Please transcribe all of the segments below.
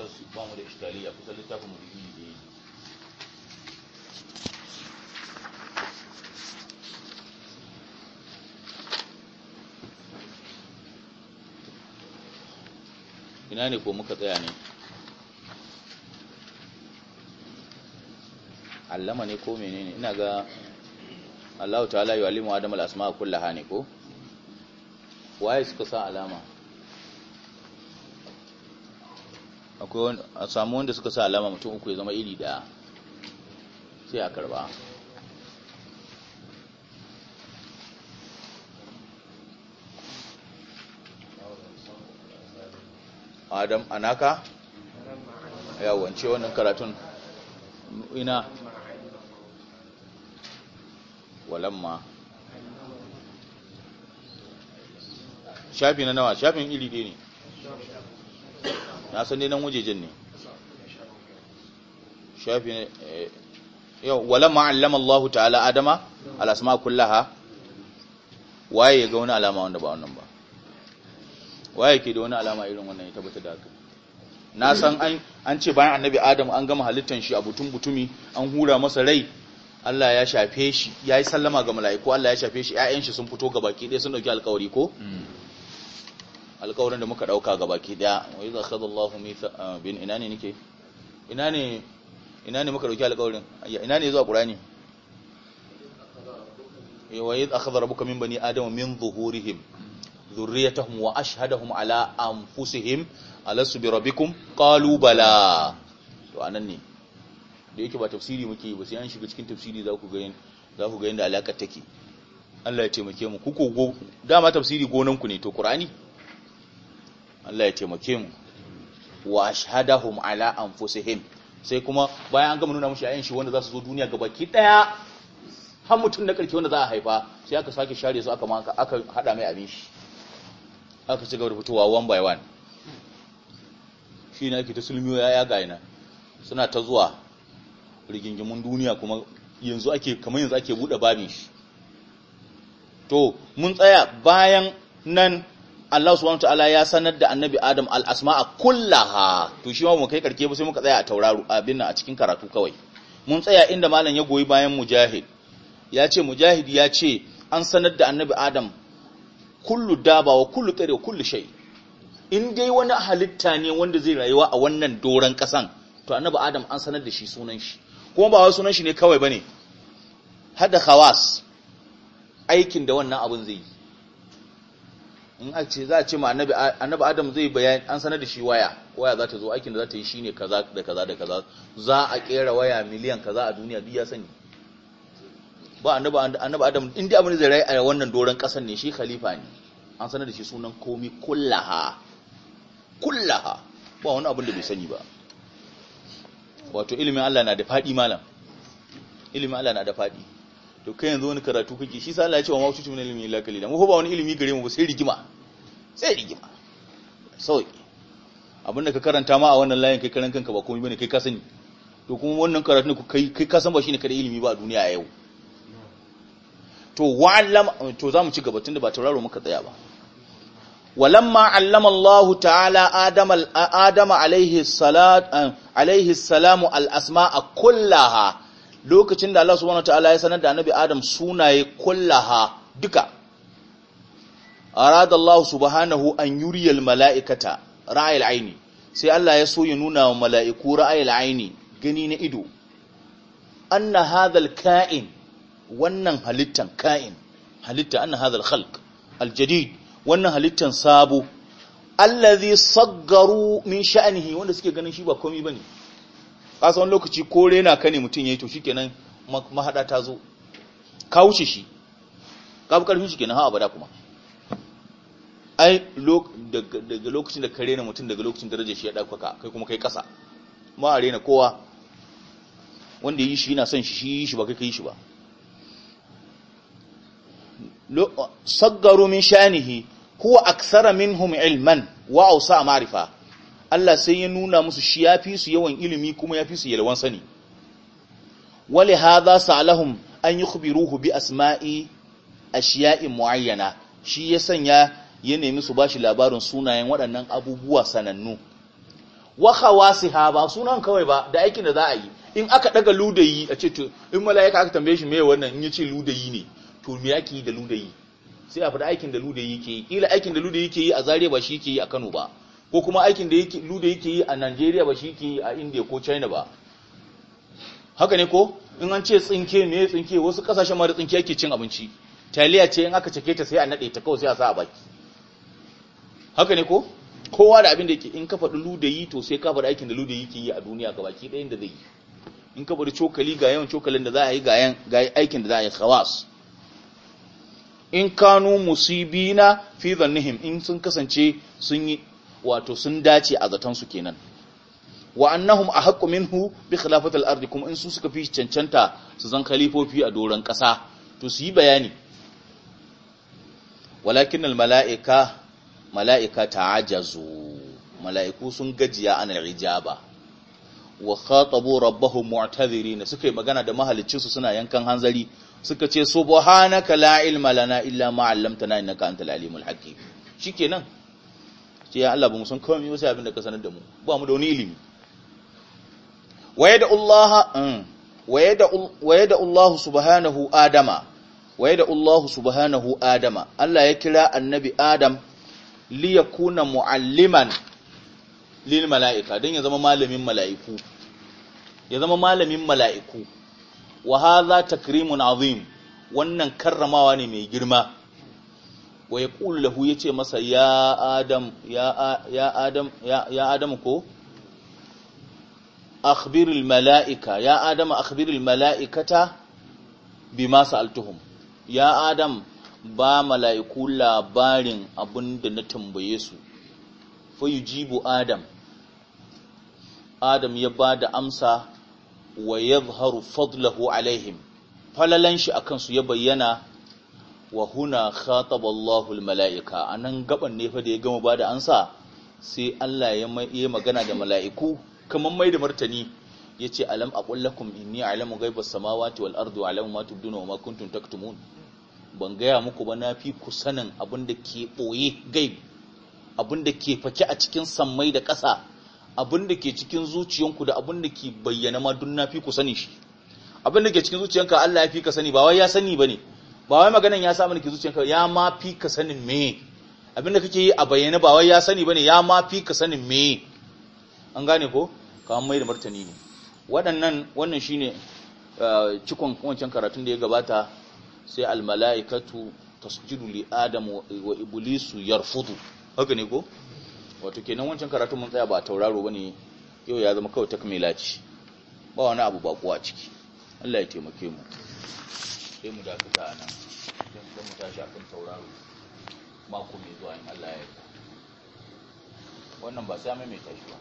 kusan su ba mu da iskaliya kusan littafin mu iri da yi ina ne ko muka tsaya ne allama ne ko menene ina ga Allah ta'ala yu'allimu Adam al-asma'a kullaha ne ko waye suka sa alama akwai a samu wanda suka sa alama mutum uku ya zama iri daya sai a karba adam anaka ya wance wannan karatun ina walamma shafi na nawa shafin iri ne na san nan wajejen ne shafi ne eh, yau wala ma'allama Allah ta'ala adama al'asma kullaha waye ya ga wani alama wanda ba wannan ba waye ke da wani alama irin wannan ya tabbata da haka na san an ce bayan annabi adam an gama halittar shi a butun butumi an hura masa rai Allah ya shafe shi ya yi sallama ga mala'iku Allah ya shafe shi ‘ya'yan shi sun fito ga baki ɗaya sun ɗauki alkawari ko hmm. alƙawarin da muka ga baki ɗaya wa yi akhadha Allahu mitha ah, bin ina ne nake ina ne ina ne muka ɗauki alƙawarin ina ne zuwa Qur'ani eh, wa idza akhadha rabbuka min bani adama min zuhurihim zurriyatahum wa ashhadahum ala anfusihim alasu bi rabbikum qalu bala to anan ne da yake ba tafsiri muke ba sai an shiga cikin tafsiri za ku ga yin za ku ga take Allah ya taimake mu ku ko dama tafsiri gonan ku ne to Qur'ani Allah ya taimake mu wa ashhadahum ala anfusihim sai kuma bayan an gama nuna mushi ayin shi wanda za su zo duniya ki daya har mutum na karke wanda za a haifa sai aka sake share su aka maka aka hada mai abin shi aka ci gaba da fitowa one by one shi ne ake ta sulmiyo ya ya gaina suna ta zuwa rigingimun duniya kuma yanzu ake kamar yanzu ake bude babin shi to mun tsaya bayan nan Allah subhanahu ta'ala ya sanar da annabi Adam al-asma'a kullaha to shi ma mu kai karke ba sai muka tsaya a tauraro abin nan a cikin karatu kawai mun tsaya inda malam ya goyi bayan mujahid ya ce mujahid ya ce an sanar da annabi Adam kullu daba wa kullu tsare wa kullu shay in dai wani halitta ne wanda zai rayuwa a wannan doran kasan to annabi Adam an sanar da shi sunan shi kuma ba wai sunan shi ne kawai bane hada khawas aikin da wannan abun zai yi in a ce za a ce ma annabi adam zai bayani an sanar da shi waya waya za ta zo aikin da za ta yi shine kaza da kaza da kaza za a kera waya miliyan kaza a duniya duk ya sani ba annabi annabi adam in dai abin zai rai a wannan doron kasan ne shi khalifa ne an sanar da shi sunan komi kullaha kullaha ba wani abin da bai sani ba wato ilimin Allah na da fadi malam ilimin Allah na da fadi to kai yanzu wani karatu kake shi sa Allah ya ce wa mawtu min ilmi illa qalila mu ba wani ilimi gare mu ba sai rigima sai rigima sauki abinda ka karanta ma a wannan layin kai karan kanka ba komai bane kai ka sani to kuma wannan karatu ne kai kai ka san ba shine kada ilimi ba a duniya a yau to wallam to zamu ci gaba tunda ba tauraro muka tsaya ba walamma allama Allah ta'ala Adama eh, alaihi salamu al-asma'a kullaha lokacin da Allah subhanahu wataala ya sanar da annabi Adam sunaye kullaha duka arada Allah subhanahu an yuriyal mala'ikata ra'ayil aini sai Allah ya so ya nuna wa mala'iku ra'ayil aini gani na ido anna hadhal ka'in wannan halittan ka'in halitta anna hadhal khalq aljadid wannan halittan sabo allazi saggaru min sha'nihi wanda suke ganin shi ba komai bane kasan lokaci ko rena ka ne mutum ya yi to shi kenan mahaɗa ta zo ka wuce shi ka fi ƙarfin shi kenan ha abada kuma ai daga lokacin da ka rena mutum daga lokacin da raje shi ya ɗaukaka kai kuma kai ƙasa ma a rena kowa wanda yi shi yana son shi shi shi ba kai yi shi ba saggaro min shanihi huwa aksara minhum ilman wa ausa ma'rifa Allah sai ya nuna musu shi ya fi su yawan ilimi kuma ya fi su yalwan sani za hadha sa'alahum an yukhbiruhu bi asma'i ashiya'i muayyana shi ya sanya ya nemi su bashi labarin sunayen waɗannan abubuwa sanannu wa khawasiha ba sunan kawai ba da aikin da za a yi in aka daga ludayi a ce to in mala'ika aka tambaye shi meye wannan in ya ce ludayi ne to me yake yi da ludayi sai a faɗi aikin da ludayi yake yi kila aikin da ludayi yake yi a zare ba shi yake yi a Kano ba ko kuma aikin da yake da yake yi a Najeriya ba shi ke yi a India ko China ba haka ne ko in an ce tsinke ne tsinke wasu kasashen ma da tsinke yake cin abinci taliya ce in aka cake ta sai a nade ta kawai sai a sa a baki haka ne ko kowa da abin da yake in ka da yi to sai ka faɗi aikin da da yake yi a duniya ga baki ɗayan da zai yi in ka bari cokali ga yawan cokalin da za a yi ga aikin da za a yi khawas in kanu musibina fi zannihim in sun kasance sun yi wato sun dace a zaton su kenan wa annahum ahaqqu minhu bi khilafati al kuma in su suka fi cancanta su zan khalifofi a doran ƙasa to su yi bayani walakin al-mala'ika mala'ika ta'ajazu mala'iku sun gajiya an al-ijaba wa khatabu rabbahum mu'tadhirin suka yi magana da mahalicinsu suna yankan hanzari suka ce subhanaka la ilma lana illa ma 'allamtana innaka antal alimul hakim shikenan ce ya Allah ba mu san komai ba sai abin da ka sanar da mu ba mu da wani ilimi waye da Allah mm, waye da Allah subhanahu adama waye Allah subhanahu adama Allah ya kira annabi Adam li yakuna mualliman lil mala'ika dan ya zama malamin mala'iku ya zama malamin mala'iku wa hadha takrimun azim wannan karramawa ne mai girma wa yace masa ya adam ya ya adam ya ya adam ko akhbiril malaika ya adam akhbiril malaikata bima sa'altuhum ya adam ba mala'iku labarin abinda na tambaye su fa yujibu adam adam ya ba da amsa wa yadhharu fadlahu alaihim falalan shi akan su ya bayyana wa huna khataballahu almalaika anan gaban ne fa da ya gama bada ansa sai Allah ya yi magana da mala'iku kaman mai da martani yace alam aqul lakum inni a'lamu ghaibas samawati wal ardi wa a'lamu ma tubduna wa ma kuntum taktumun ban gaya muku ba na fi ku sanin abin ke ɓoye gaib abin ke fake a cikin sammai da ƙasa abin da ke cikin zuciyanku da abin ke bayyana ma dun na ku sani shi abin ke cikin zuciyanka Allah ya fi ka sani ba wai ya sani ba ne ba wai maganan ya samu nake zuciyanka ya ma fi ka sanin me abin da kake yi a bayyane ba wai ya sani bane ya ma fi ka sanin me an gane ko ka mai da martani ne waɗannan wannan shine uh, cikon wancan karatun da ya gabata sai almala'ikatu tasjudu li adam wa iblisu yarfudu haka ne ko wato kenan wancan karatun mun tsaya ba tauraro bane yau ya zama kawai takmila ce ba wani abu ba kuwa ciki Allah ya taimake mu sai mu dakata a nan don mu tashi akan tauraro mako mai zuwa in Allah ya yarda wannan ba sai mai tashi ba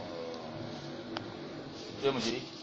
eh, sai mu je